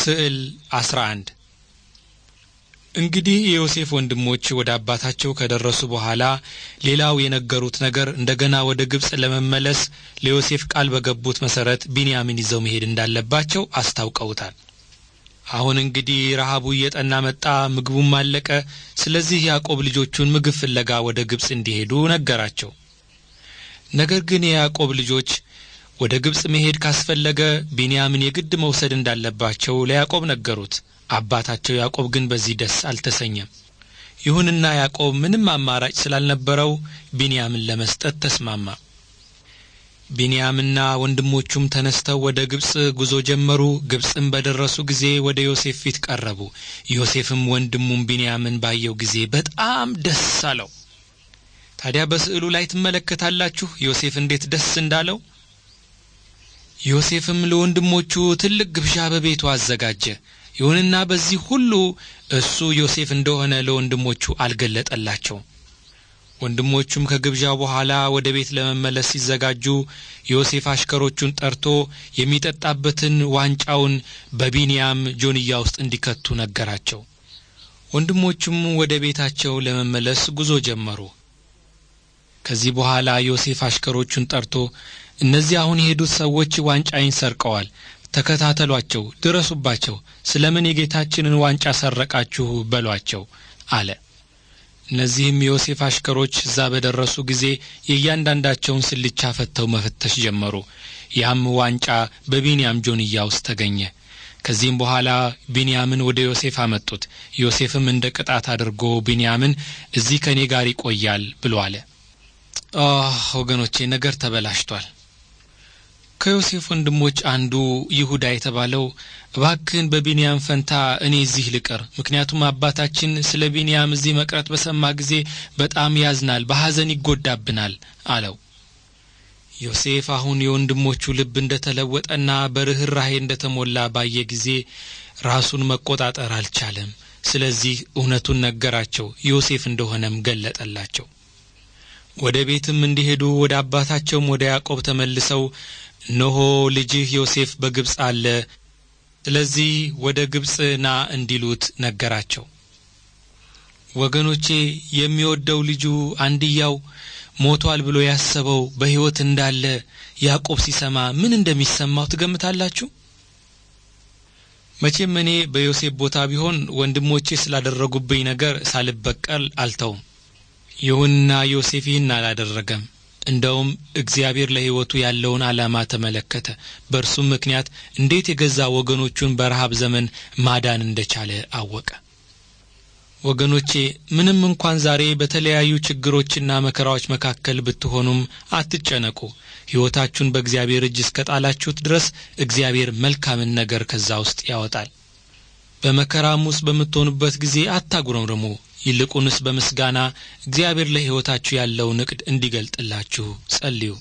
ስዕል 11 እንግዲህ የዮሴፍ ወንድሞች ወደ አባታቸው ከደረሱ በኋላ ሌላው የነገሩት ነገር እንደገና ወደ ግብፅ ለመመለስ ለዮሴፍ ቃል በገቡት መሰረት ቢንያሚን ይዘው መሄድ እንዳለባቸው አስታውቀውታል። አሁን እንግዲህ ረሃቡ እየጠና መጣ፣ ምግቡም አለቀ። ስለዚህ ያዕቆብ ልጆቹን ምግብ ፍለጋ ወደ ግብፅ እንዲሄዱ ነገራቸው። ነገር ግን የያዕቆብ ልጆች ወደ ግብፅ መሄድ ካስፈለገ ቢንያምን የግድ መውሰድ እንዳለባቸው ለያዕቆብ ነገሩት። አባታቸው ያዕቆብ ግን በዚህ ደስ አልተሰኘም። ይሁንና ያዕቆብ ምንም አማራጭ ስላልነበረው ቢንያምን ለመስጠት ተስማማ። ቢንያምና ወንድሞቹም ተነስተው ወደ ግብፅ ጉዞ ጀመሩ። ግብፅም በደረሱ ጊዜ ወደ ዮሴፍ ፊት ቀረቡ። ዮሴፍም ወንድሙም ቢንያምን ባየው ጊዜ በጣም ደስ አለው። ታዲያ በስዕሉ ላይ ትመለከታላችሁ ዮሴፍ እንዴት ደስ እንዳለው። ዮሴፍም ለወንድሞቹ ትልቅ ግብዣ በቤቱ አዘጋጀ። ይሁንና በዚህ ሁሉ እሱ ዮሴፍ እንደሆነ ለወንድሞቹ አልገለጠላቸው። ወንድሞቹም ከግብዣ በኋላ ወደ ቤት ለመመለስ ሲዘጋጁ ዮሴፍ አሽከሮቹን ጠርቶ የሚጠጣበትን ዋንጫውን በቢንያም ጆንያ ውስጥ እንዲከቱ ነገራቸው። ወንድሞቹም ወደ ቤታቸው ለመመለስ ጉዞ ጀመሩ። ከዚህ በኋላ ዮሴፍ አሽከሮቹን ጠርቶ እነዚህ አሁን የሄዱት ሰዎች ዋንጫዬን ሰርቀዋል፣ ተከታተሏቸው፣ ድረሱባቸው፣ ስለምን የጌታችንን ዋንጫ ሰረቃችሁ በሏቸው አለ። እነዚህም የዮሴፍ አሽከሮች እዛ በደረሱ ጊዜ የእያንዳንዳቸውን ስልቻ ፈተው መፈተሽ ጀመሩ። ያም ዋንጫ በቢንያም ጆንያ ውስጥ ተገኘ። ከዚህም በኋላ ቢንያምን ወደ ዮሴፍ አመጡት። ዮሴፍም እንደ ቅጣት አድርጎ ቢንያምን እዚህ ከእኔ ጋር ይቆያል ብሎ አለ። ወገኖቼ ነገር ተበላሽቷል። ከዮሴፍ ወንድሞች አንዱ ይሁዳ የተባለው እባክህን በቢንያም ፈንታ እኔ እዚህ ልቀር፣ ምክንያቱም አባታችን ስለ ቢንያም እዚህ መቅረት በሰማ ጊዜ በጣም ያዝናል፣ በሐዘን ይጎዳብናል አለው። ዮሴፍ አሁን የወንድሞቹ ልብ እንደ ተለወጠና በርኅራሄ እንደ ተሞላ ባየ ጊዜ ራሱን መቆጣጠር አልቻለም። ስለዚህ እውነቱን ነገራቸው፣ ዮሴፍ እንደሆነም ገለጠላቸው። ወደ ቤትም እንዲሄዱ ወደ አባታቸውም ወደ ያዕቆብ ተመልሰው እነሆ ልጅህ ዮሴፍ በግብፅ አለ፣ ስለዚህ ወደ ግብፅ ና እንዲሉት ነገራቸው። ወገኖቼ የሚወደው ልጁ አንድያው ሞቷል ብሎ ያሰበው በሕይወት እንዳለ ያዕቆብ ሲሰማ ምን እንደሚሰማው ትገምታላችሁ? መቼም እኔ በዮሴፍ ቦታ ቢሆን ወንድሞቼ ስላደረጉብኝ ነገር ሳልበቀል አልተውም። ይሁንና ዮሴፍ ይህን አላደረገም። እንደውም እግዚአብሔር ለሕይወቱ ያለውን ዓላማ ተመለከተ። በእርሱም ምክንያት እንዴት የገዛ ወገኖቹን በረሃብ ዘመን ማዳን እንደቻለ አወቀ። ወገኖቼ ምንም እንኳን ዛሬ በተለያዩ ችግሮችና መከራዎች መካከል ብትሆኑም አትጨነቁ። ሕይወታችሁን በእግዚአብሔር እጅ እስከ ጣላችሁት ድረስ እግዚአብሔር መልካምን ነገር ከዛ ውስጥ ያወጣል። በመከራም ውስጥ በምትሆኑበት ጊዜ አታጉረምርሙ፣ ይልቁንስ በምስጋና እግዚአብሔር ለሕይወታችሁ ያለውን ንቅድ እንዲገልጥላችሁ ጸልዩ።